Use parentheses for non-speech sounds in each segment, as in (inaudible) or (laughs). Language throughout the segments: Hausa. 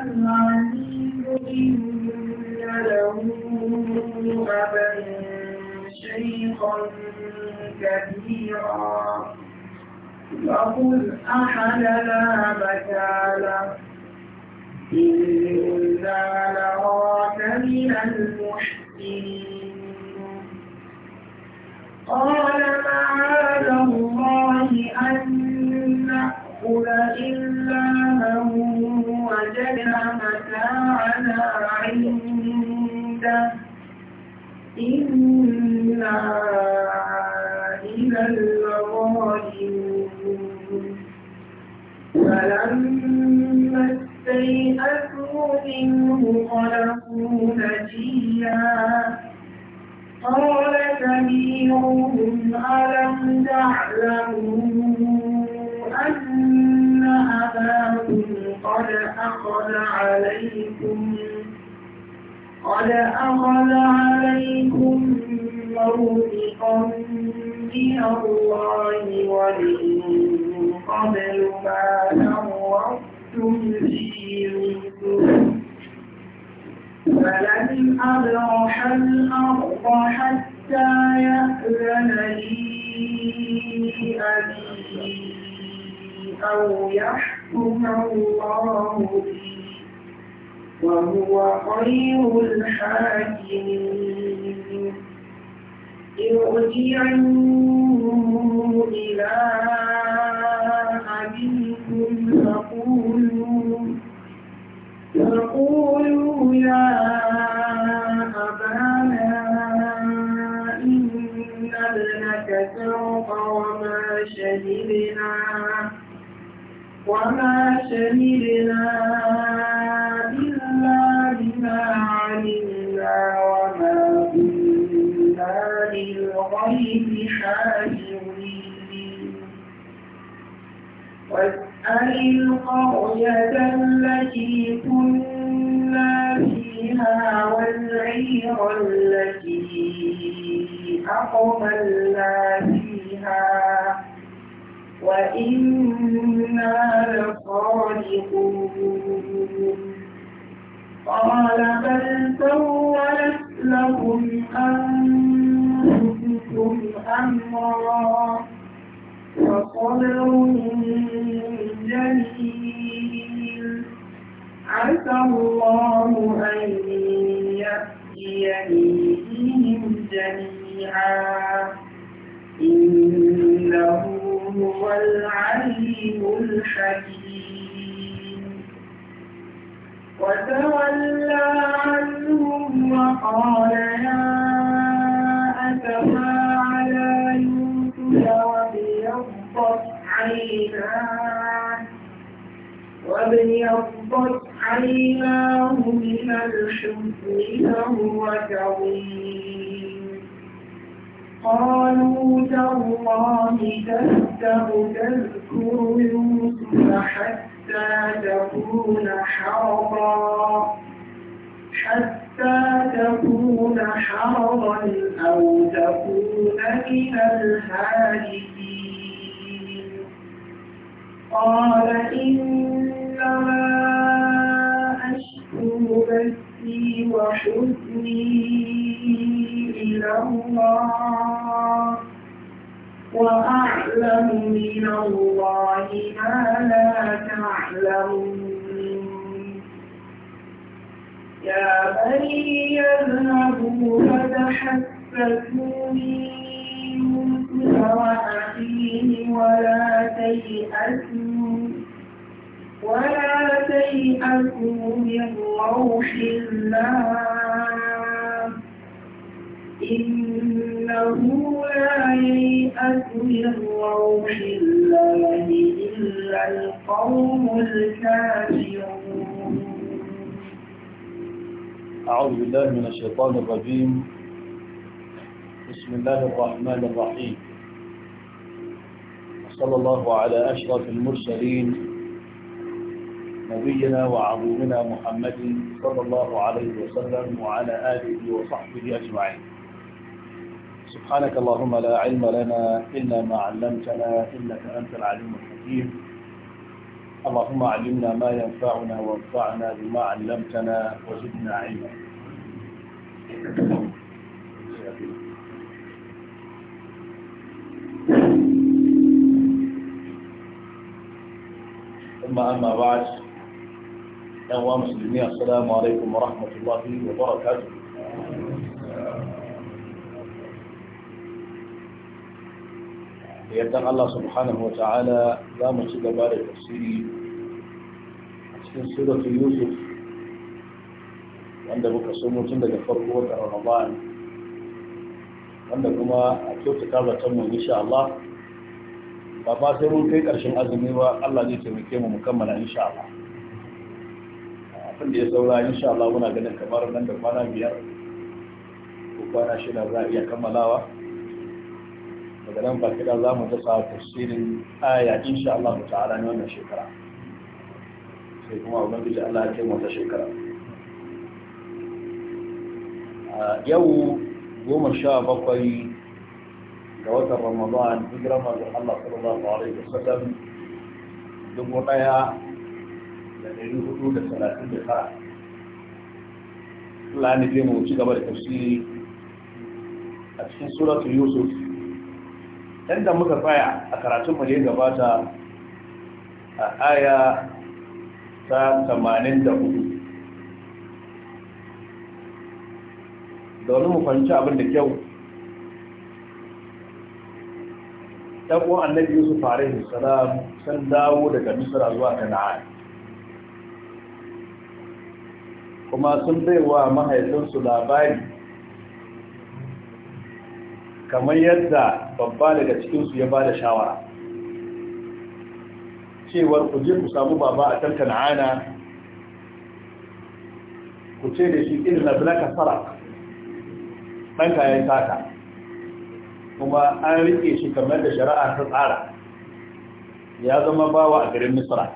إن له أبا شيخا كبيرا فقل أحد لا مكاله إنا لراك من المحسنين قال معاذ الله أن نأخذ إلا من وجدنا متاعنا عنده إنا إلى الظالمون فلما استيئسوا منه خلقوا نجيا قال كبيرهم ألم تعلموا أن أباكم قد أخذ عليكم قد أخذ عليكم موثقا من الله ومن قبل ما فرطتم في فلن أبرح الأرض حتى يأذن لي أبي أو يحكم الله لي وهو خير الحاكمين ارجعوا إلى أبيكم فقولوا فقولوا يا أبانا إن ابنك سرق وما شهدنا وما شهدنا إلا بما علمنا وما كنا للغيب حافظين واسأل القرية التي كنا فيها والعير التي أقبلنا فيها وإنا لصادقون قال بل سولت لكم أنفسكم أمرا فصبر جميل عسى الله أن يأتيني بهم جميعا هو العليم الحكيم وتولى عنهم وقال يا أتفا على يوسف وابيضت عيناه وابيضت عيناه من الحزن فهو كظيم قالوا تالله تفتأ تذكر يوسف حتى تكون حرضا حتى تكون حرضا أو تكون من الهالكين قال إنما أشكو بثي وحزني وأعلم من الله ما لا تعلمون يا بني يذهبوا فتحسسوا من يوسف وأخيه ولا تيأسوا ولا تيأسوا من روح الله إنه لا ييأس من روح الله إلا القوم الكافرون أعوذ بالله من الشيطان الرجيم بسم الله الرحمن الرحيم صلى الله على أشرف المرسلين نبينا وعظيمنا محمد صلى الله عليه وسلم وعلى آله وصحبه أجمعين سبحانك اللهم لا علم لنا إلا ما علمتنا إنك أنت العليم الحكيم اللهم علمنا ما ينفعنا وانفعنا بما علمتنا وزدنا علما ثم أما بعد يا مسلمين السلام عليكم ورحمة الله وبركاته da yardan Allah subhanahu wa ta'ala za mu ci gaba da tafsiri a cikin suratul yusuf wanda muka so mutum daga farko wata ramadan wanda kuma a kyautata zaton mu insha Allah ba ba sai mun kai ƙarshen azumi ba Allah zai taimake mu mu kammala insha Allah abin da ya saura insha Allah muna ganin kamar nan da kwana biyar ko kwana shida za a iya kammalawa daga nan bakida za mu dasa tafsirin aya insha Allah ta'ala ne wannan shekara sai kuma ubangiji Allah ya kai mu wata shekara yau goma sha bakwai ga watan ramadan hijirar mazan Allah sallallahu alaihi wasallam dubu daya da ɗari hudu da talatin da tara Allah ne zai mu ci gaba da tafsiri a cikin suratu Yusuf yadda muka tsaya a karatun mu ne gabata a aya ta 84 domin mu fahimci abin da kyau ɗan'uwan annabi yusuf farin salam sun dawo daga misra zuwa tana'a. kuma sun baiwa mahaifinsu labari kamar yadda babba daga cikinsu ya ba da shawara cewar ku je ku samu baba a can kan'ana ku ce da shi irin na blaka fara ɗan kayan sata kuma an riƙe shi kamar da shari'a ta tsara ya zama bawa a garin misra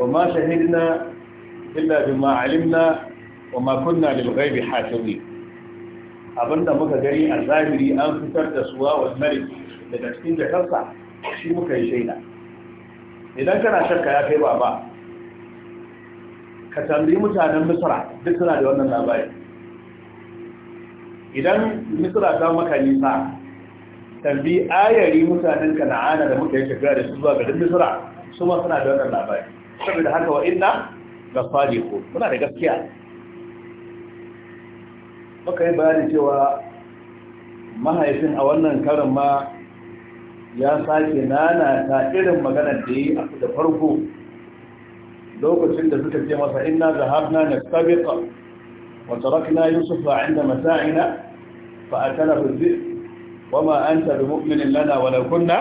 wa ma shahidna illa bima alimna wa ma kunna lil ghaibi hasibin abinda muka gani a zahiri an fitar da suwa wa mari daga cikin jakarsa shi muka yi shaida idan kana shakka ya kai baba ka tambayi mutanen misra duk suna da wannan labari idan misra ta maka nisa tambi ayari mutanen kana'ana da muka yi shiga da su zuwa garin misra su ma suna da wannan labari saboda haka wa inna ga ko, muna da gaskiya baka yi bayani cewa mahaifin a wannan karin ma ya sake nana ta irin maganar da yi da farko lokacin da suka ce masa inna zahabna nastabiqa wa tarakna yusufa inda mata'ina fa akala rizq wama anta bimu'minin lana wa kunna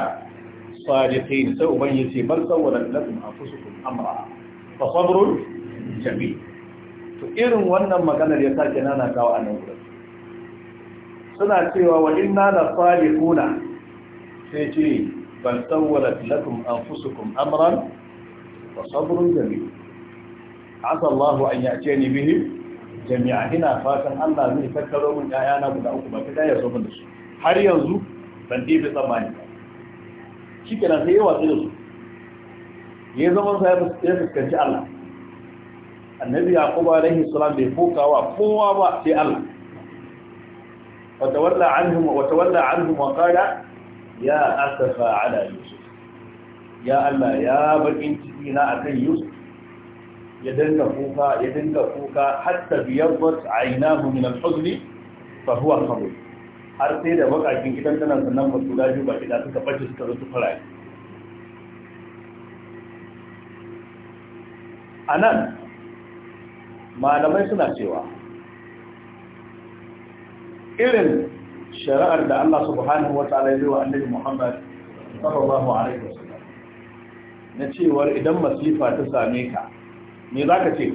sadiqin sai uban yace bal lakum anfusukum amra fa sabrun jamil to irin wannan maganar ya sake nana kawo a nan suna cewa wa inna la salihuna sai ce bal sawwalat lakum anfusukum amran wa sabrun jamil asa Allah an ni bihi jami'a ina fatan Allah zai tattaro mun ƴaƴana guda uku ba ta ya zo mun da su har yanzu ban dibi tsammani shikenan sai yawa sai da su ya zama sai ya fuskanci Allah annabi yaqub alaihi salam bai kokawa kowa ba sai Allah wa tawalla anhum wa tawalla anhum wa qala ya asafa ala yusuf ya Allah ya bakin ciki na akan yusuf ya dinga kuka ya dinga kuka hatta biyaddat aynahu min al-huzn fa huwa qabul har sai da bakakin idan tana sannan ba su gaji ba idan suka bace suka rutu fara anan malamai suna cewa irin shari'ar da Allah subhanahu wa ta'ala yi wa annabi Muhammad sallallahu alaihi wasallam na cewar idan masifa ta same ka me zaka ce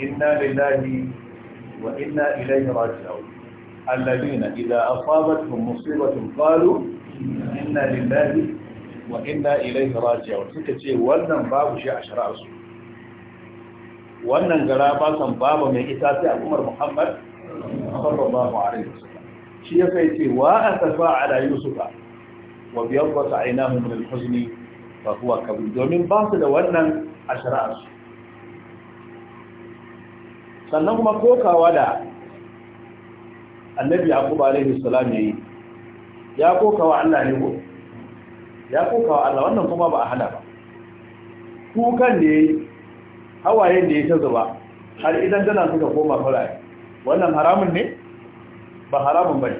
inna lillahi wa inna ilaihi raji'un alladhina idza asabatuhum musibatun qalu inna lillahi wa inna ilaihi raji'un suka ce wannan babu shi a shari'ar su wannan gara ba san babu mai ita sai Umar Muhammad sallallahu alaihi wasallam shi ya kai ce wa asafa ala yusufa wa biyaddat aynahu min al-huzn fa huwa kabir domin ba su da wannan su. sannan kuma kokawa da annabi yaqub alaihi salam yayi ya kokawa Allah ne ko ya kokawa Allah wannan kuma ba a hana ba kukan kan ne. hawayen da ya ta zuba har idan tana suka koma faraye wannan haramun ne ba haramun ba ne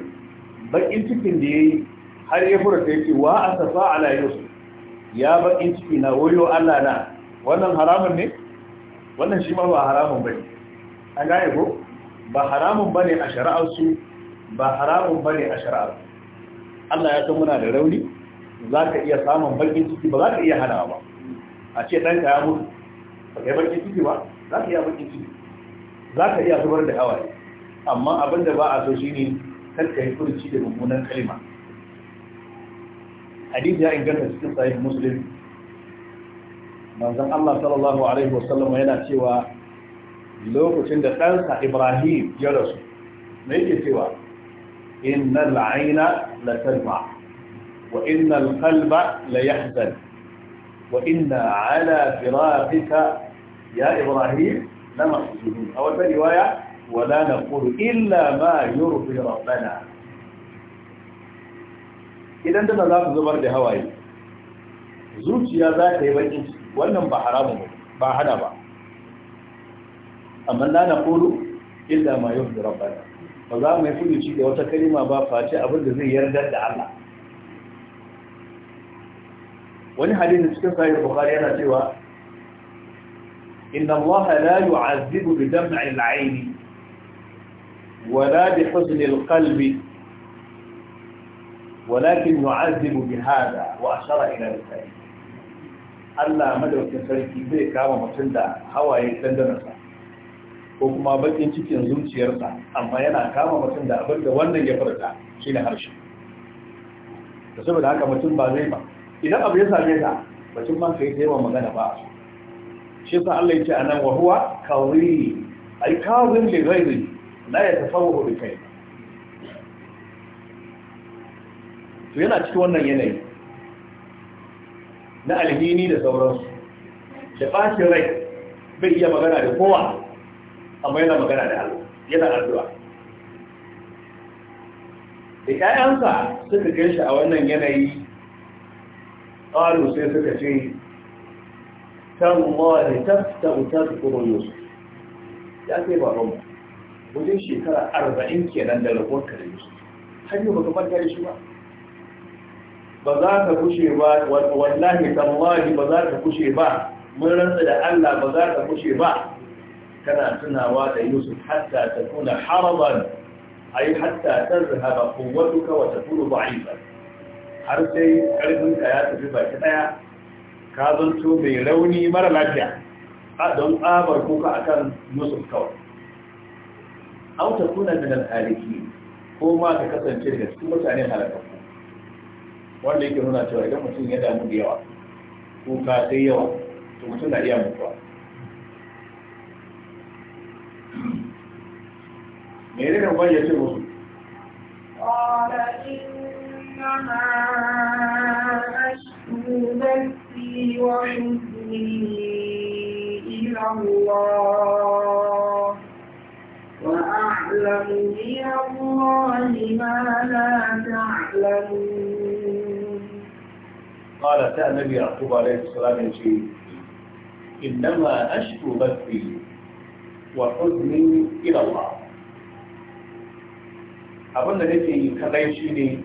bakin cikin da ya yi har ya furta ya ce wa a safa ala yusuf ya bakin ciki na wayo allah na wannan haramun ne wannan shi ma ba haramun ba ne an gane ko ba haramun ba ne a su ba haramun ba ne a su allah ya san muna da rauni za ka iya samun bakin ciki ba za ka iya hana ba a ce ɗanka ya mutu Ka kai barkin ciki ba za ka iya barkin ciki za ka iya zubar da hawaye amma abin da ba a so shi ne ka yi furuci da mummunan kalima hadisi ya inganta cikin sahih muslim manzon Allah sallallahu alaihi wasallam yana cewa lokacin da ɗansa Ibrahim ya rasu me yake cewa innal aina la tadma wa innal qalba la yahzan wa inna ala firaqika ya ibrahim na masjidi a wata riwaya wala naqulu illa ma yurdi rabbana idan tana za ku zubar da hawaye zuciya za ta yi bakin wannan ba haramu ba hana ba amma la naqulu illa ma yurdi rabbana ba za mu yi furuci da wata kalima ba face abin da zai yarda da Allah wani hadisi cikin sahih bukhari yana cewa إن الله لا يعذب بدمع العين ولا بحزن القلب ولكن يعذب بهذا وأشار إلى الفريق ألا مدر الفريق بيكا ومتندى هوا يتندنا وكما بدي انتك ينزل سيرتا أما أنا كاما متندى أبدا وانا يفرتا شين هرشي تسبب لها كما تنبى زيبا إذا أبيزا بيزا فتنبى في سيوة مغانا بأسوا shi sa Allah yace anan wa huwa kawi ay kawin li ghairi la yatasawwaru bi kai to yana cikin wannan yanayi na alhini da sauransu da fashi rai bai iya magana da kowa amma yana magana da Allah yana addu'a da ƴaƴansa suka kai shi a wannan yanayi ƙalu sai suka ce tallahi taftau tadhkuru yusuf ya kai babanmu wajen shekara arba'in kenan da rabuwar ka da yusuf har yau baka manta da shi ba ba za ka kushe ba wallahi tallahi ba za ka kushe ba mun rantsa da Allah ba za ka kushe ba kana tunawa da yusuf hatta ta kuna haraban ai hatta ta zahaba kuwatuka wa ta kunu ba'ifa har sai karfinka ya tafi baki daya ka zanto mai rauni mara lafiya a don tsabar kuka akan musul kawai an ta kuna min alhaliki ko ma ka kasance da cikin mutane ku. wanda yake nuna cewa idan mutum ya damu da yawa ko ka sai yawa to mutum na iya mutuwa me ne kan ya ce musu قال إنما أشكو همي وحزني إلى الله وأعلم من الله ما لا تعلمون قال تعالى النبي يعقوب عليه السلام شيء إنما أشكو بثي وحزني إلى الله abin da nake yi kadai shi ne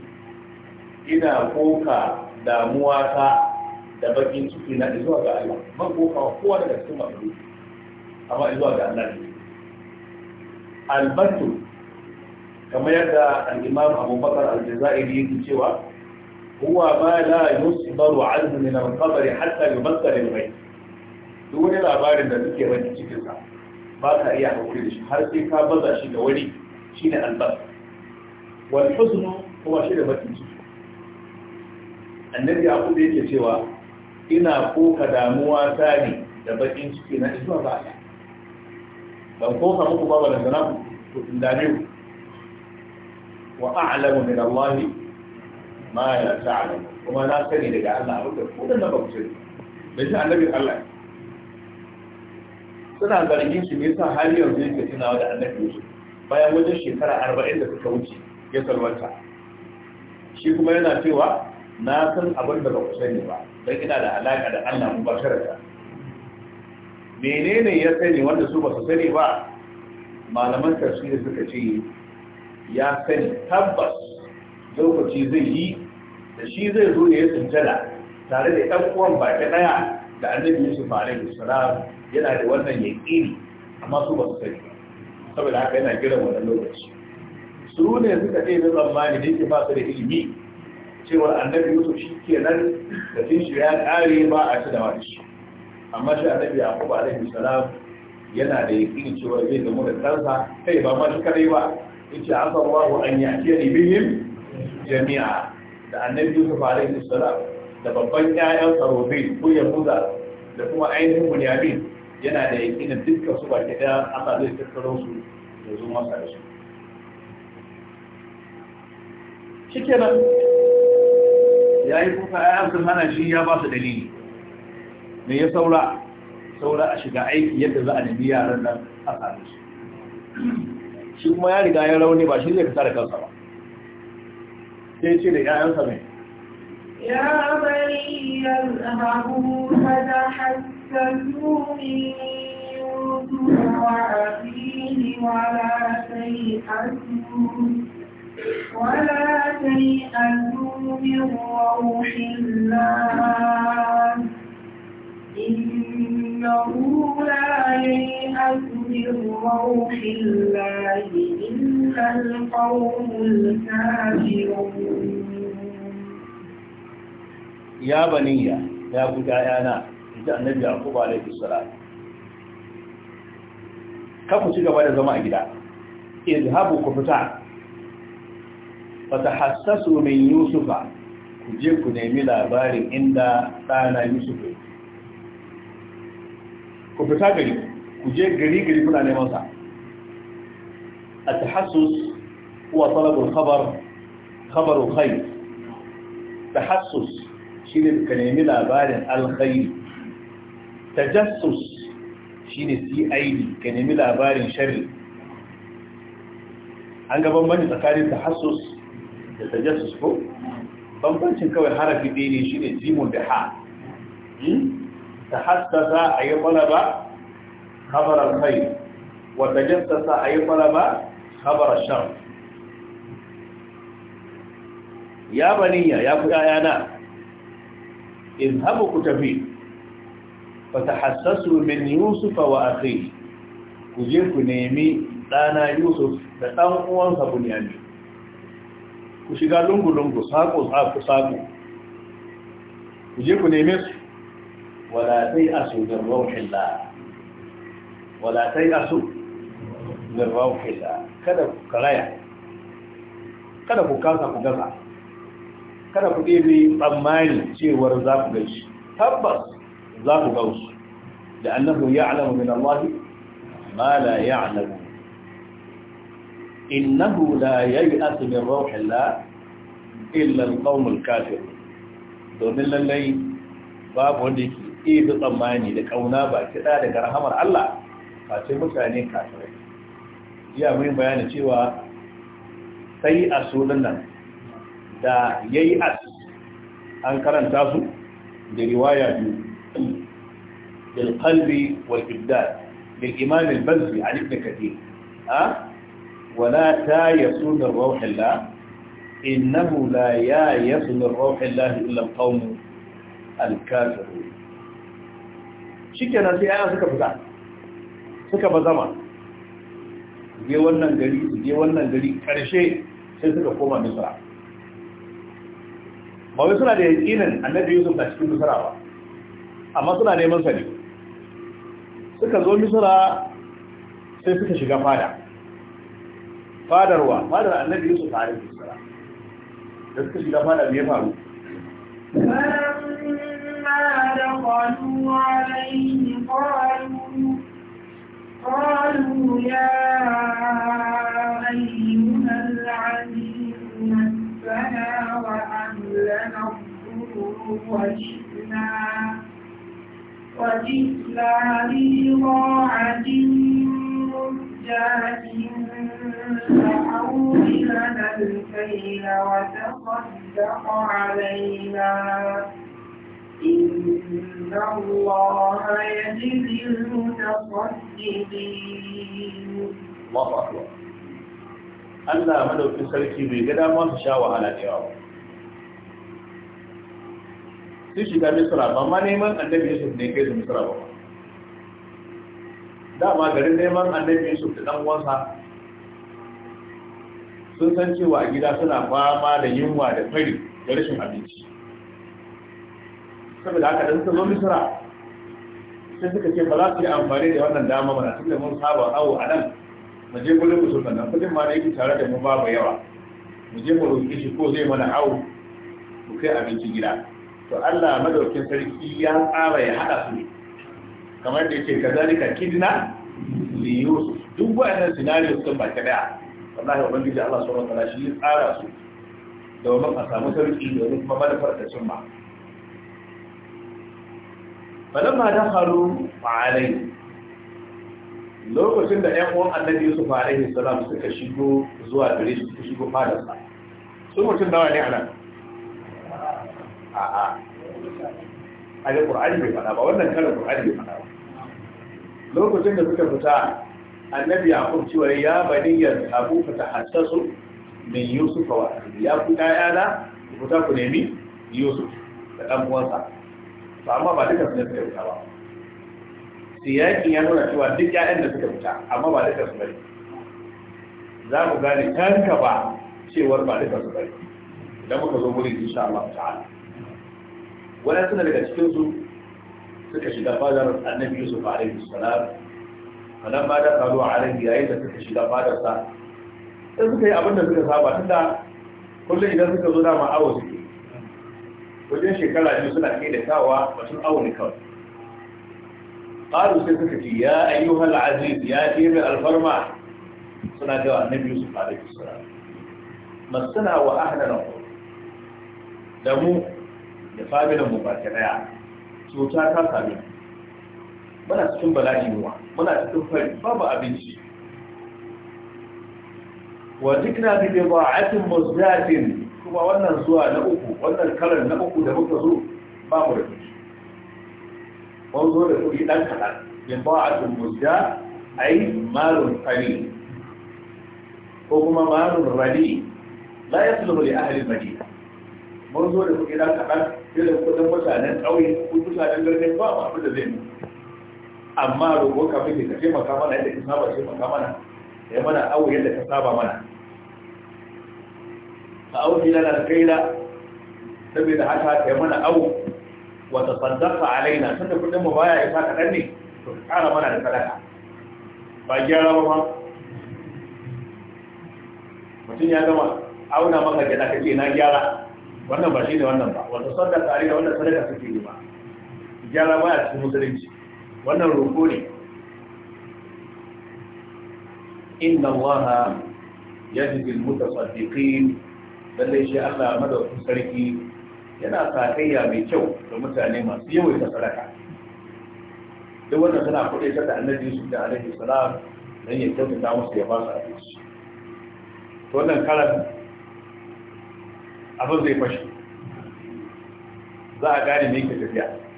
ina koka damuwa ta da bakin ciki na zuwa ga Allah ban kokawa kowa daga cikin mafi amma zuwa ga Allah ne albatu kamar yadda al-imam abubakar al-jazairi yake cewa huwa ma la yusbaru anhu min al-qabr hatta yubassar al-ghayb duk wani labarin da suke wani cikin sa ba ka iya hakuri da shi har sai ka baza shi ga wani shine albas wal huznu kuma shi da bakin ciki annabi abu da yake cewa ina koka damuwa ta da bakin ciki na zuwa ba ta ban koka muku ba wala sana ku dame ku wa a'lamu min Allah ma la ta'lamu kuma na sani daga Allah abin da ku da ba ku sani da shi annabi Allah suna zargin shi ne yasa har yanzu yake tunawa da annabi Yusuf bayan wajen shekara 40 da suka wuce ya salwanta shi kuma yana cewa na san abin da ba ku sani ba don ina da alaƙa da Allah mu ba menene ya sani wanda su ba su sani ba malaman tafsiri suka ce ya sani tabbas lokaci zai yi da shi zai zo ya sujjada tare da ɗan uwan baki ɗaya da annabi Yusuf alaihi salam yana da wannan yaqini amma su ba su sani saboda haka yana kiran wannan lokaci su ne suka ce da tsammani da yake ba su da ilimi cewa annabi yusuf shi ke nan da tun shi ya kare ba a ci da wani amma shi annabi yakubu alaihi salam yana da yakin cewa zai zama da kansa kai ba ma shi kadai ba an asa wahu an ne bihim jami'a da annabi yusuf alaihi salam da babban ƴaƴan sarobin ko yahuda da kuma ainihin bunyamin yana da yakinin dukkan su baki daya Allah zai tattaro su da zo masa da su shikenan ya yi kuka ya hana shi ya ba su dalili me ya saura saura a shiga aiki yadda za a nemi yaran nan a sami su shi kuma ya riga ya rauni ba shi zai fita da kansa ba sai ce da 'ya'yansa mai يا بني da wa من يوسف وأخيه sai تيأسوا ولا تيأسوا من روح الله إنه لا من روح الله إلا القوم الكافرون ya ya guda yana da annabi yaqub alaihi ka ku ci gaba da zama a gida izhabu ku fita fatahassasu min yusufa ku je ku nemi labarin inda ɗana yusufa ku fita gari ku je gari gari kuna neman sa a tahassus kuwa talabul khabar khabarul khair tahassus shine ka nemi labarin alkhairi tajassus shine CID ka nemi labarin sharri an gaban bane tsakanin tahassus da tajassus ko bambancin kawai harafi ɗaya ne shi ne jimun da ha ta hmm? haskasa a yi ƙwalaba habarar kai wata jassasa a yi ƙwalaba habarar shan ya baniya ya ku yana in haɓu ku tafi ba ta hassasu min yusufa wa akhi ku je ku nemi ɗana yusuf da ɗan uwansa bunyami ku shiga lungu-lungu saƙo-saƙo ku je ku neme su wadatai a su da rauhin la wadatai a su da kada ku karaya kada ku kasa ku gaza kada ku ɗebe tsammani cewar za ku gaishe tabbas za ku gausu da annahu ya alamu min Allah ma la ya alamu innahu la yay'asu min rauhillah illa alqaumul kafir domin lallai babu wanda yake ibi tsammani da kauna ba kiɗa daga rahamar Allah sai mutane kafirai iya mun bayani cewa sai a sunan nan da yayi as an karanta su da riwaya biyu bil qalbi wal ibdal bil imam al bazzi ibn kathir ha ولا تايسوا من روح الله إنه لا يايس من روح الله إلا القوم الكافرون shikenan sai ayan suka fita suka bazama je wannan gari je wannan gari karshe sai suka koma misra ba suna da yakinin annabi yusuf na cikin misra ba amma suna neman sani zo misra sai suka shiga fada fadarwa fadar annabi yusuf alaihi salam da suka shiga fadar ya faru فلما دخلوا عليه قالوا قالوا يا أيها العزيز مسنا وأهلنا الضر وجئنا وجئنا بضاعة مزجاة أوزنا الكيل وتصدق علينا إن الله يجزي المتصدقين الله أكبر Allah madaukin sarki bai ga dama su sha wahala da yawa sun shiga misra ba ma neman annabi yusuf ne kai su misra ba dama garin neman annabi yusuf da ɗan uwansa sun san cewa a gida suna fama da yunwa da fari da rashin abinci saboda haka da suka zo misira sai suka ce ba za su yi amfani da wannan dama mana tun da mun saba awo a nan mu je gurin musulman nan kudin ma da yake tare da mu babu yawa mu je mu roƙi shi ko zai mana awo mu kai abinci gida to Allah madaukin sarki ya tsara ya haɗa su ne kamar da yake kazalika kidna li yusuf duk wa'annan scenario sun ba ta daya wallahi ubangiji Allah subhanahu wa ta'ala shi ya tsara su domin a samu sarki domin kuma manufar da sun ma falamma da haru ma'alai lokacin da ‘yan uwan annabi Yusuf alaihi salam suka shigo zuwa gare shi suka shigo fadarsa su mutum nawa ne a nan a'a a da ƙur'ani bai fada ba wannan karin ƙur'ani bai fada ba lokacin da suka fita annabi yaqub cewa ya bani yaqub fa tahassasu min yusuf wa ya ku ayana ku ta ku nemi yusuf da dan uwansa to amma ba duka sun da fita ba siyaki ya nuna cewa duk ƴaƴan da suka fita amma ba duka su bari za ku gane tanka ba cewar ba duka su bari idan muka zo gurin insha Allah ta'ala wadansu daga cikin su suka shiga fadar annabi yusuf alaihi salam anan ma da karo a ranar yayin da suka shiga fadar sa sai suka yi abin da suka saba tun da kullum idan suka zo dama awo suke wajen shekara biyu suna kai da kawa ba sun awo ne kawai karo sai suka ce ya ayyuka al'aziz ya ɗebe alfarma suna gawa na biyu su fara biyu sura masana wa ahlan ku da mu da fabilan mu ba ta daya cuta ta sami bana cikin bala'i ruwa muna cikin fari babu abinci wa jikna bi bida'atin muzdatin kuma wannan zuwa na uku wannan karan na uku da muka zo babu da mun zo da kuɗi dan kaɗan bida'atin muzda ai malun qalil ko kuma malun radi la yasluhu li ahli madina mun zo da kuɗi dan kaɗan sai da kuɗin mutanen ƙauye ko mutanen garin ba mu abin da zai amma roƙo kafin da ka taimaka mana yadda ka saba maka mana ya mana awo yadda ka saba mana a auki ila na kaila saboda haka ya mana awo wata sadaka alaina tunda kudin mu baya saka kaɗan ne to ka ƙara mana da sadaka ba gyara ba ma. mutum ya gama auna maka gyada ka ce na gyara wannan ba shi ne wannan ba wata a laina wannan sadaka suke yi ba gyara baya cikin musulunci wannan roƙo ne inna Waha allaha yajzi al-mutasaddiqin lallai shi Allah madaukakin sarki yana sakayya mai kyau ga mutane masu yawaita sadaka duk wannan suna kudai ta da annabi su da alaihi salam don ya kyautata musu ya ba su abinci to wannan karan abin zai fashe za a gane me yake tafiya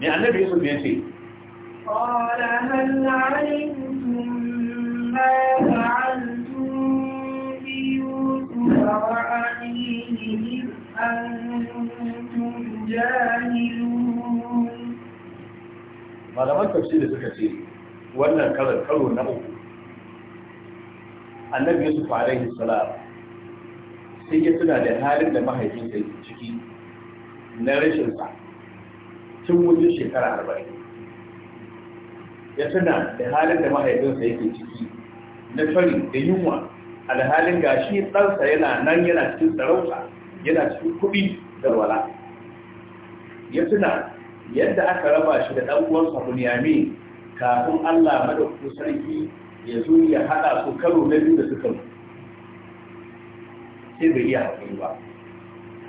ne annabi yusuf ya ce قال هل علمتم suka ce wannan karar karo na uku annabi yusuf yin salam sai ya tuna da halin da mahaifinsa ciki na rashin sa tun wajen shekara arba'in ya tuna da halin da mahaifinsa yake ciki na fari da yunwa alhalin gashi ɗansa yana nan yana cikin sarauta yana cikin kuɗi da wala ya tuna yadda aka raba shi da ɗan uwansa bunyami kafin allah madaukakin sarki ya zo ya haɗa su karo na biyu da suka sai bai iya haƙuri ba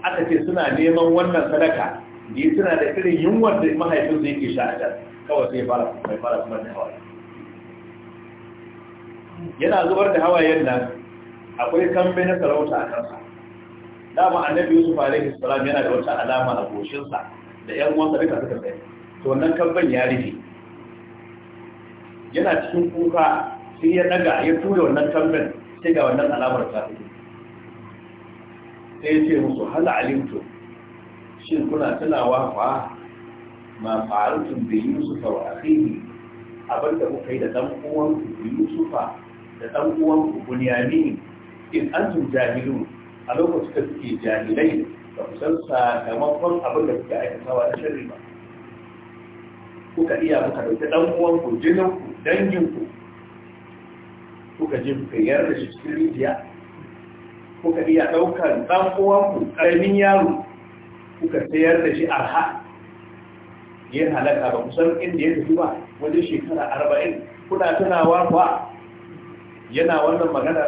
aka ce suna neman wannan sadaka ne suna da irin yunwar da mahaifin zai ke sha a can kawai sai fara kuma fara kuma da hawaye yana zubar da hawayen nan akwai kambe na sarauta a kansa dama annabi yusuf alaihi salam yana da wata alama a goshinsa da yan uwansa duka suka sai to wannan kamben ya rufe yana cikin kuka sai ya daga ya tura wannan kamben sai ga wannan alamar ta fito sai ya ce musu hal alimtu shin kuna tunawa fa ma farukin da yusufa wa akhihi abin kuka yi da dan uwan ku yusufa da dan uwan ku bunyamin in antum jahilun a lokacin da kuke jahilai ba ku san sakamakon abin da kuke aikatawa da sharri ba kuka iya kuka dauki dan uwan ku jinin ku dangin ku kuka je kuka yarda shi cikin rijiya kuka iya daukar dan uwan ku karamin yaro kuka sayar da shi arha ya halaka ba kusan inda ya tafi ba wajen shekara arba'in kuna tunawa kuwa yana wannan magana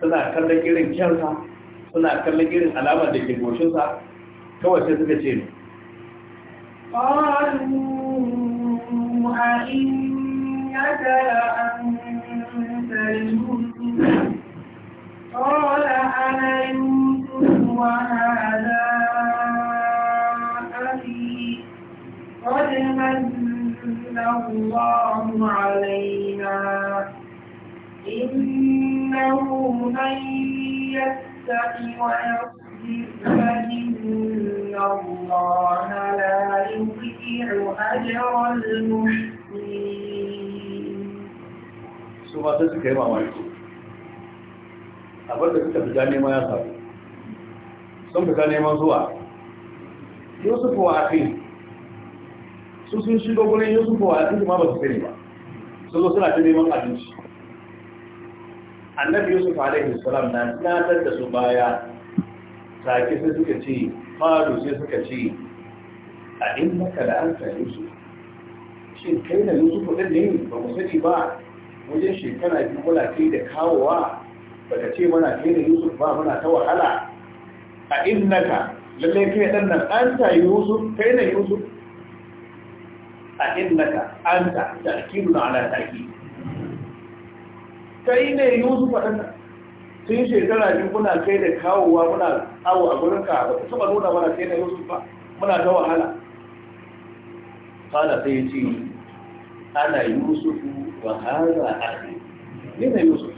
suna kallon irin kyansa suna kallon irin alamar da ke goshinsa kawai sai suka ce ne قالوا أئنك لأنت يوسف قال أنا يوسف وهذا قد من الله علينا إنه من يتق ويصبر فإن الله لا يضيع أجر المحسنين. Suma sai suka yi mamaki, abinda suka fita neman ya sabu, sun fita neman zuwa, Yusuf wa a su sun shigo gurin yusufu wa cikin ma ba su gani ba su zo suna ta neman abinci annabi yusuf alaihi salam na tunatar da su baya take sai suka ce faru sai suka ce a innaka da anta yusuf shin kai da yusuf ɗin ne ba mu sani ba wajen shekara biyu muna kai da kawowa baka ce mana kai da yusuf ba muna ta wahala a innaka lallai kai ɗan nan anta yusuf kai na yusuf a innaka anta ta'kidun ala ta'kid kai ne Yusuf dan tun shekara biyu muna kai da kawowa muna awo a gurin ka ba ta nuna mana kai na Yusuf ba muna ta wahala Fada sai ce ana Yusuf wa hada akhi ne na Yusuf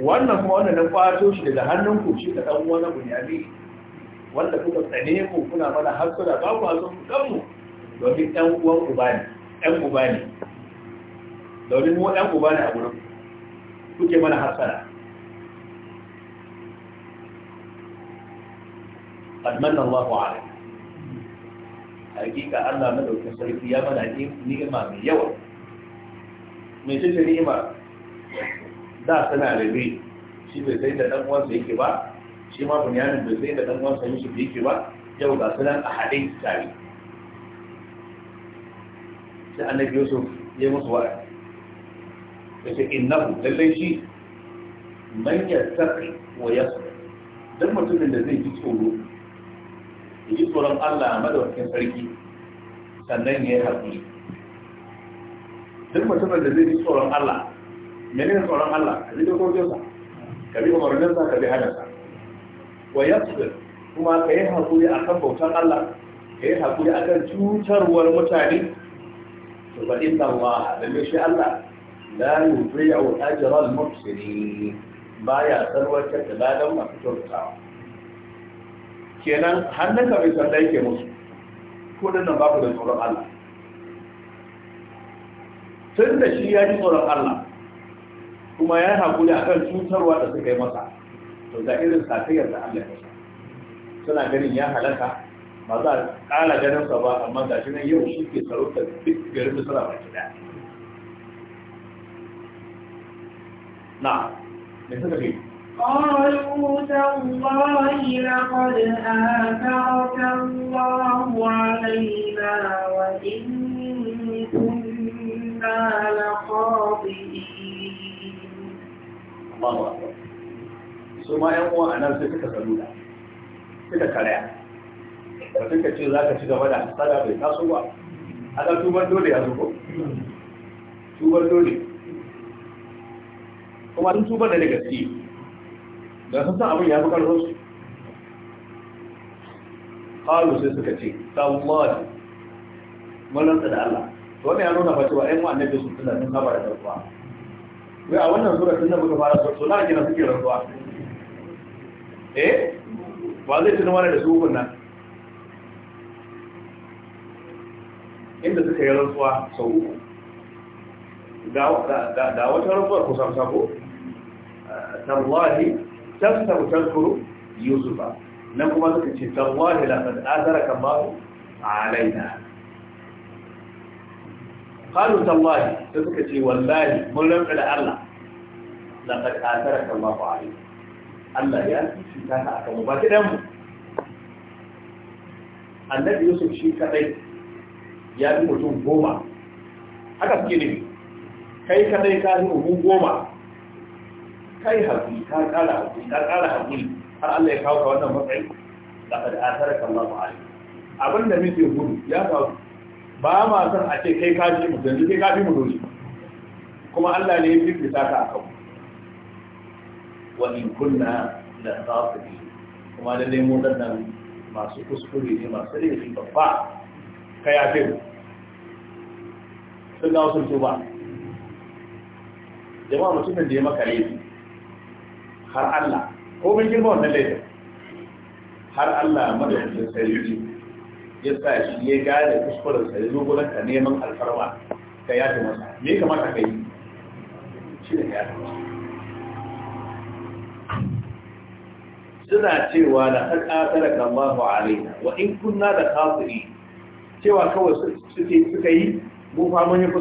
wannan kuma wannan na kwato shi daga hannun ku shi ka dan uwa na Bunyami wanda kuka tsane ku kuna mana hasura ba ku hazo ku kanmu domin ɗan uwan uba ne ɗan uba ne domin mu ɗan uba ne a gurin kuke mana hasara قد الله عليك hakika Allah madaukin sarki ya mana ni'ima mai yawa mai cikin ni'ima da suna rabe shi bai sai da ɗan uwansa yake ba shi ma bunyamin bai sai da ɗan uwansa yake ba yau ga sunan a haɗe tare da annabi yusuf ya musu wa'a ya ce innahu lallai shi man ya sarki wa ya don mutumin da zai ji tsoro ya ji tsoron allah a madawakin sarki sannan ya yi haƙuri duk mutumin da zai ji tsoron allah mene ne tsoron allah ka bi dokokinsa ka bi umarninsa ka bi hadarsa wa ya kuma ka yi haƙuri a kan bautan allah ka yi haƙuri a kan cutarwar mutane to fa inna Allah lalle shi Allah la yudhi'u ajra al-muhsinin baya sarwatar da ladan masu kyautatawa kenan hannun ka bai sanda yake musu kudin nan babu da tsoron Allah tun da shi ya ji tsoron Allah kuma ya haƙuri a kan cutarwa da suka yi masa to irin safiyar da Allah ya suna ganin ya halaka ba za a ƙara ganin sa ba amma ga shi nan yau shi ke sarauta duk garin misra ba gida na me suka ce قالوا تالله لقد آثرك الله علينا وإن كنا لخاطئين الله أكبر ثم يوم أنا سكت سلولا سكت كلام da suka ce za ka ci gaba da hasada bai taso ba ana tubar dole ya zuko tubar dole kuma sun tubar da daga gaske da sun san abin ya fi karfin su kalu sai suka ce tallahi malanta da Allah to wannan ya nuna fatuwa ɗan wa annabi sun tunanin sun saba da tauba wai a wannan sura tunda muka fara so to na gina suke rantsuwa eh ba zai tuna mana da su nan inda suka yi rantsuwa sau uku da wata rantsuwar kusan sabo tallahi tattabu tankuru yusufa nan kuma suka ce tallahi lafad adara kan babu alaina قالوا تالله تذكتي والله ملم على الله لقد آثرك الله عليه Allah ya fifita ta akan mu ba ta dan mu annabi yusuf shi kadai ya fi mutum goma haka suke ne kai kadai ka fi mutum goma kai haƙi ka ƙara haƙi ka ƙara haƙi har Allah ya kawo ka wannan matsayi da ka da asarar kallon ma'ali abin da muke gudu ya kawo ba ma san a ce kai ka mu yanzu kai ka mu dole. kuma Allah ne ya fi fita ka a kan wani in kunna la tsafi kuma da nemo dannan masu kuskure ne masu laifi babba ka yafe mu sun gawo sun tuba jama'a mutumin da ya maka laifi har Allah ko mun girma wannan laifin har Allah madaukakin sarki ya sa shi ya gane kuskuren sa ya zo gurin ka neman alfarma ka yafe masa me kamata ka yi shi ne ya masa suna cewa na ta ƙasar kan ba wa in kunna da kafiri cewa kawai suke suka yi bu fa mun yi ko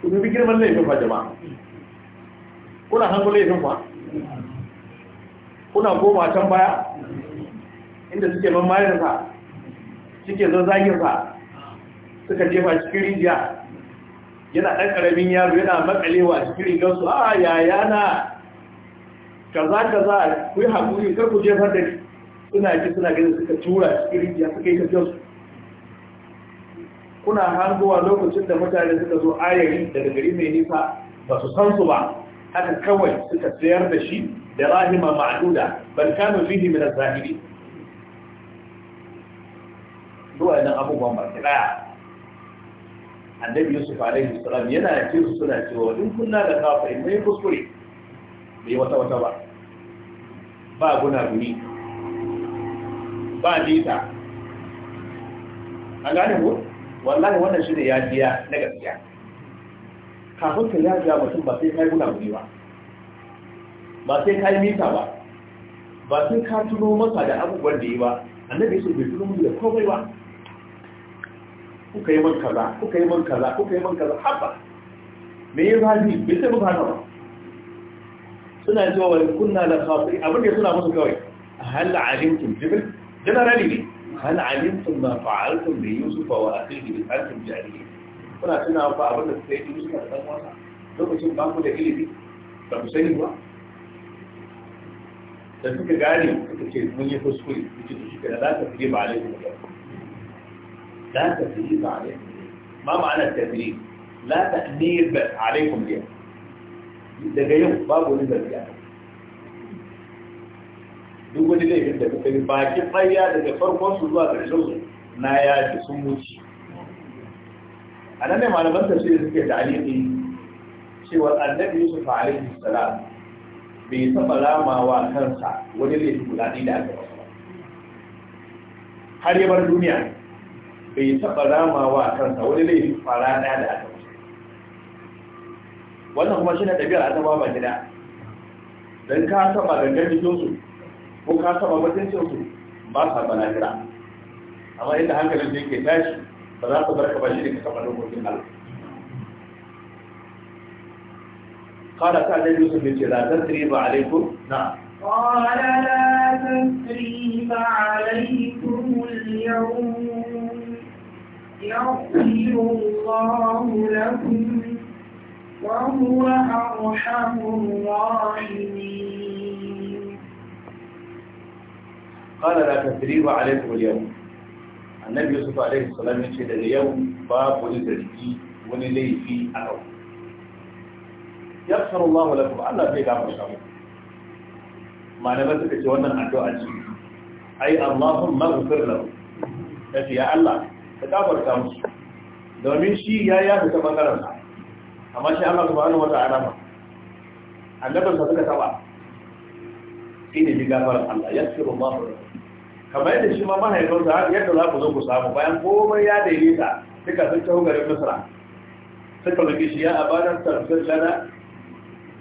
ku bi girman laifin fa jama'a kuna hango laifin fa kuna ma can baya inda suke mamayin sa suke zazzagin fa suka jefa cikin rijiya yana ɗan ƙaramin yaro yana makalewa cikin su a ya yana kaza kaza ku yi hakuri kar ku jefar da suna ki suna ganin suka tura cikin rijiya suka yi su. kuna hangowa lokacin da mutane suka zo ayari daga gari mai nisa ba su san su ba haka kawai suka sayar da shi da rahima ma'aduda ban kano fihi min az-zahiri duwa nan abubuwan ba kira annabi yusuf alaihi salam yana yake su suna cewa in kunna da kafa in mai kuskure bai wata wata ba ba guna guni ba dita A gane mu wallahi wannan shi ne yafiya na gaskiya kafin ka yafiya mutum ba sai kai guna guri ba ba sai kai mita ba ba sai ka tuno masa da abubuwan da yi ba annabi su bai tuno mu da komai ba kuka yi man kaza kuka yi man kaza kuka yi man kaza haba me ya zafi bai sai muka haka ba suna cewa wani kunna da kafin abin da suna musu kawai a halla alimkin jibil generally ne hal alimtum ma fa'altum bi yusuf wa akhihi in antum jahilin kuna tuna ba abin da suka yi yusuf da dan wasa lokacin ba ku da ilimi ba ku sani ba da suka gane suka ce mun yi kuskure suke da shekara za ka fiye ba alaihi da za ka fiye ba alaihi ma ma'ana tafiri la ta'nib alaikum biya daga yau babu wani zargi a kan duk wani laifin da kuka yi bakin ɓarya daga farkon su zuwa ƙarshen su na yaji sun wuce a nan ne malaman shirin suke da aliki cewa annabi yusuf alaihi salam bai taɓa lamawa kansa wani laifin guda ɗaya da aka ba. har yabar duniya bai taɓa lamawa kansa wani laifin fara ɗaya da aka masa wannan kuma shi ne ɗabi'ar azaba ba gida don ka taɓa gangan jikinsu ko ka taba mutuncin su ba sa bana jira amma inda hankalin da yake tashi ba za su barka ba shi ne ka kafa dokokin Allah قال سعد يوسف بن لا تثريب عليكم نعم قال لا تثريب عليكم اليوم يغفر الله لكم وهو أرحم الراحمين qala la ba alaykum al-yawm annabi yusuf alaihi salam ya ce daga yau babu wani zargi wani laifi a yau yaghfiru Allahu lakum Allah zai gafarta muku malamai suka ce wannan addu'a ce ai Allahumma ighfir lahu kace ya Allah ka gafarta musu domin shi ya yi ta bangaren karanta. amma shi Allah subhanahu wata'ala ba annabi sa suka taba shi ne gafarar Allah ya kamar yadda shi ma yadda za ku zo ku samu bayan komai ya daidaita suka sun taho garin misra suka rufe shi ya abadan tarfin lana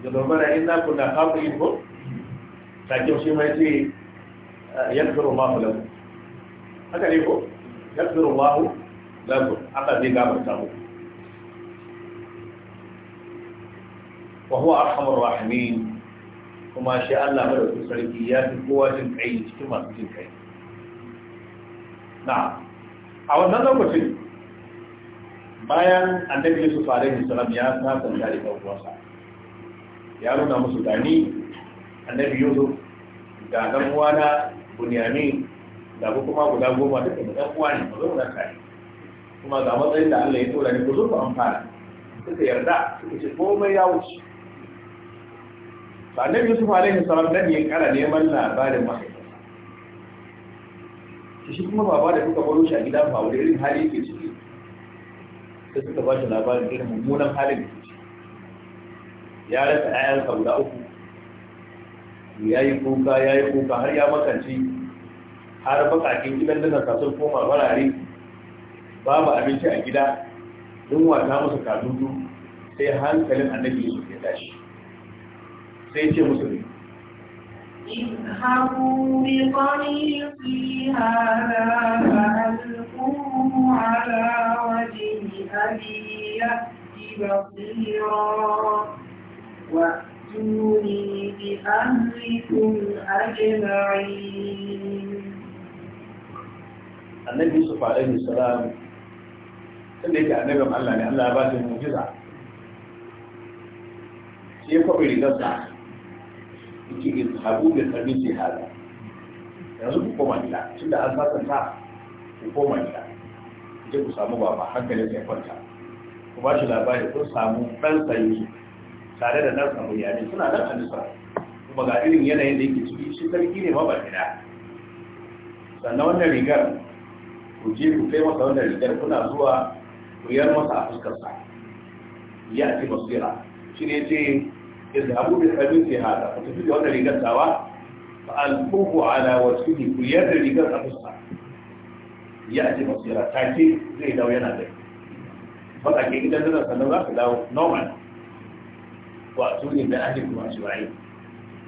da bambara ina na kafa yin ko takin shi mai ce ya fi ku fara haka ne ko ya fi rumma fara Allah zai gafarta muku وهو أرحم الراحمين kuma shi Allah madaukakin sarki ya fi kowa jin kai cikin masu jin kai na a wannan lokacin bayan annabi Yusuf alaihi salam ya sasa tare da uwansa ya nuna musu gani annabi Yusuf ga dan uwana Bunyamin da kuma guda goma duka da dan ne ba zo na kai kuma ga matsayin da Allah ya tura ni ku zo ku amfana suka yarda suka ce komai ya wuce ba annabi yusuf alaihi salam dan ya kara neman labarin mahaifa shi kuma baba da kuka baro shi a gida ba wani irin hali yake ciki sai suka ba shi labarin irin mummunan halin da ya rasa ƴaƴansa guda uku ya yi kuka ya yi kuka har ya makanci har bakakin gidan dana sa sun koma barare babu abinci a gida yunwa masa musu katutu sai hankalin annabi yusuf ya tashi sai ce musulmi اذهبوا بطريقي هذا فألقوه على وجه أبي يأتي بصيرا وأتوني بأهلكم أجمعين النبي يوسف عليه السلام tun da yake annabin Allah ne Allah ya ba shi mu'jiza shi ya kwaɓe rigarsa ki izhabu bi khabisi hada yanzu ku koma gida tunda an sasanta ku koma gida je ku samu baba hankalin ya kwanta ku ba shi labari kun samu dan sanyi tare da nan samu yare suna nan a nisa kuma ga irin yanayin da yake ciki shi sarki ne ma ba gida sannan wannan rigar ku je ku kai masa wannan rigar kuna zuwa ku yar masa a fuskarsa ya ce basira shi ne ce izhabu bil habisi hada ku tafi da wannan rigar tawa ku rigar ta fuska zai dawo yana da ba ke gidan nan sannan za dawo normal wa ne da ahli kuma shi bai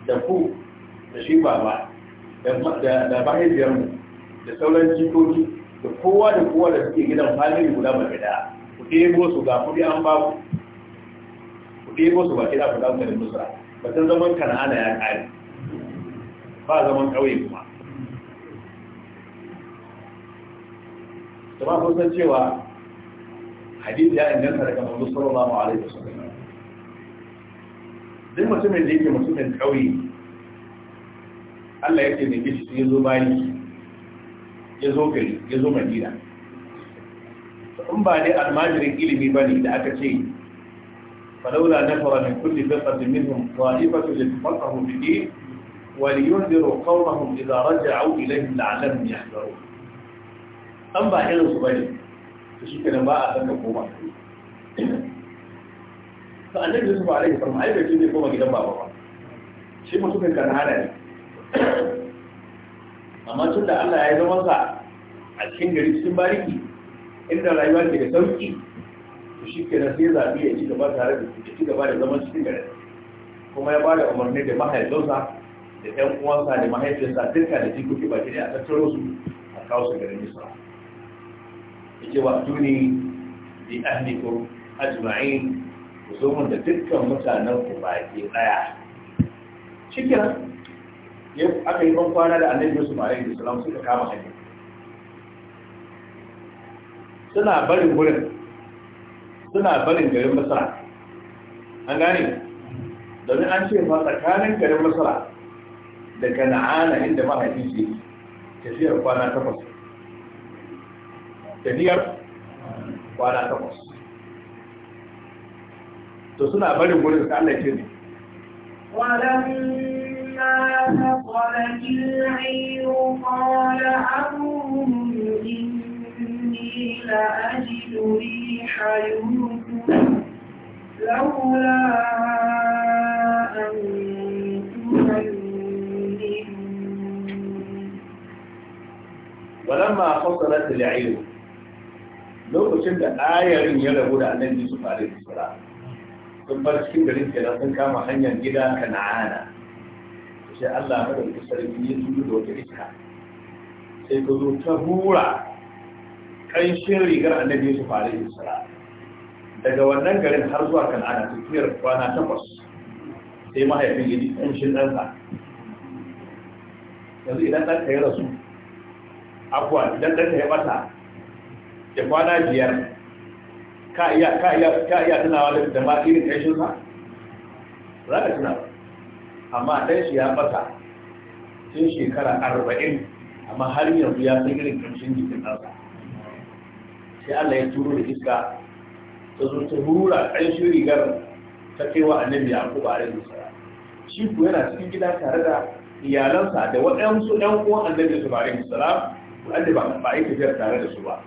da ku da shi ba da da da da sauran jikoki da kowa da kowa da suke gidan halin guda ba gida ku ɗebo su ga kuɗi an ba ku ku su baki da ku damu da nusra batun zaman kana'ana ya ƙare ba zaman ƙauye kuma kuma kun san cewa hadith ya inganta daga manzo da alaihi wasallam duk mutumin da yake mutumin ƙauye Allah yake ne kishi ya zo bayi ya zo gari ya zo madina in ba ne almajirin ilimi ba ne da aka ce فلولا نفر من كل فرقة منهم طائفة لتفقهوا بدين ولينذروا قومهم إذا رجعوا إليهم لعلهم يحذرون أما إلى الزبير فشكنا ما أتنى قوما فالنبي يوسف عليه فما أي بيت يجي قوما ما بابا شيء ما كان هذا أما tun الله Allah ya الحين sa a إن gari cikin bariki to shi ke sai zaɓi ya ci gaba tare da ya ci gaba da zaman cikin gari kuma ya ba da umarni da mahaifinsa da ɗan uwansa da mahaifinsa duka da jikoki baki ne a tattaro su a kawo su garin nisa ya ce wa tuni bi ahlikum ajma'in ku zo mun da dukkan mutanen ku baki ɗaya cikin ya aka yi ban kwana da annabi Yusuf alaihi salam suka kama hanya suna barin wurin suna barin garin masara an gane domin an ce ma tsakanin garin masara da kana'ana inda mahaifin shi tafiyar kwana takwas tafiyar kwana takwas to suna barin wurin da Allah ke ne ولما فصلت العير قال أبوهم إني لأجد ريح حيوكم لولا أن تؤمنون lokacin da ayarin ya rabu da annabi da sura sun bar cikin garin kenan sun kama hanyar gida kana'ana sai Allah madaukakin sarki ya tudu da wata iska sai ka zo ta hura ƙanshin rigar annabi yusuf alaihi salam daga wannan garin har zuwa kan'ana tafiyar kwana takwas sai mahaifin yi ƙanshin ɗansa yanzu idan ɗanka ya rasu abuwa idan ɗanka ya ɓata ya kwana biyar ka iya tunawa da ma irin sa za ka tuna amma ɗan shi ya ɓata tun shekara arba'in amma har yanzu ya san irin ƙanshin jikin ɗansa sai Allah ya turo da iska ta zo ta hura ƙarshen rigar ta kai wa annabi Yakubu alaihi salam shi ku yana cikin gida tare da iyalansa da waɗansu ɗan uwan annabi su alaihi salam wanda ba ba yi tafiyar tare da su ba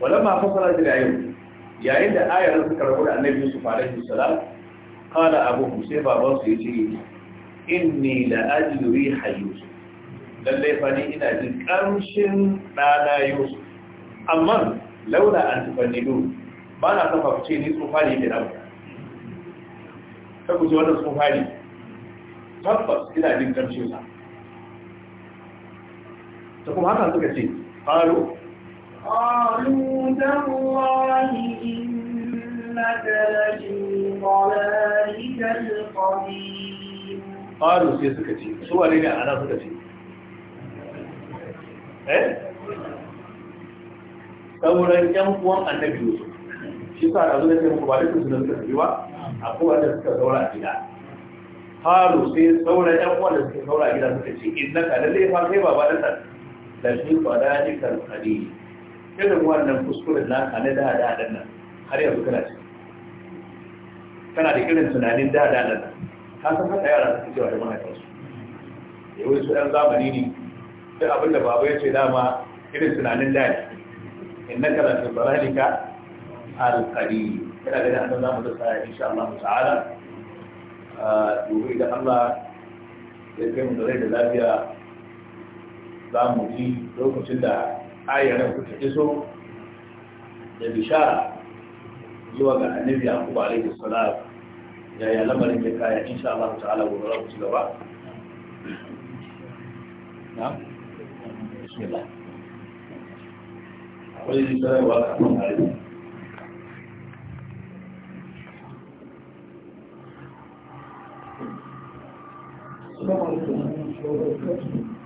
wannan ma fasara da yayin yayin da ayar suka rabu da annabi Yusuf alaihi salam qala abu sai baban su yace inni la ajri riha yusuf Lallai fa ni ina jin ƙarshen ɗana yusuf amma laura an tafannido ba na kafa ce ni ne da nan ta guji wannan tsofari tabbas ina jin karshe sa ta kuma haka suka ce faru faru da wani inna ta rajin wani ƙarfi faru sai suka ce suwa ne ne a ana suka ce (laughs) eh? sauran yan kuwan annabi yusuf shi sa da zuwa sai muku da su nan tafi akwai wanda suka saura a gida haru sai saura yan kuwan da suka saura a gida suka ce inna na kalalle fa kai baba da san da shi ba da ni kan kadi irin wannan kuskuren na kana da da dan nan har yanzu kana ci kana da irin tunanin da da nan ka san haka yara suke cewa da mahaifinsu yawai su ɗan zamani ne sai abinda baba ya ce dama irin tunanin da ne innaka la fi dalalika al-qadim kana da nan za mu tsaya insha Allah ta'ala gobe da Allah ya kai mu da lafiya za mu ji lokacin da ayyaran ku ta iso da bishara zuwa ga annabi Yaqub alaihi salam yaya lamarin ya kaya insha Allah ta'ala gobe za mu ci gaba bismillah akwai sanarwa a kan hari Assalamu alaikum.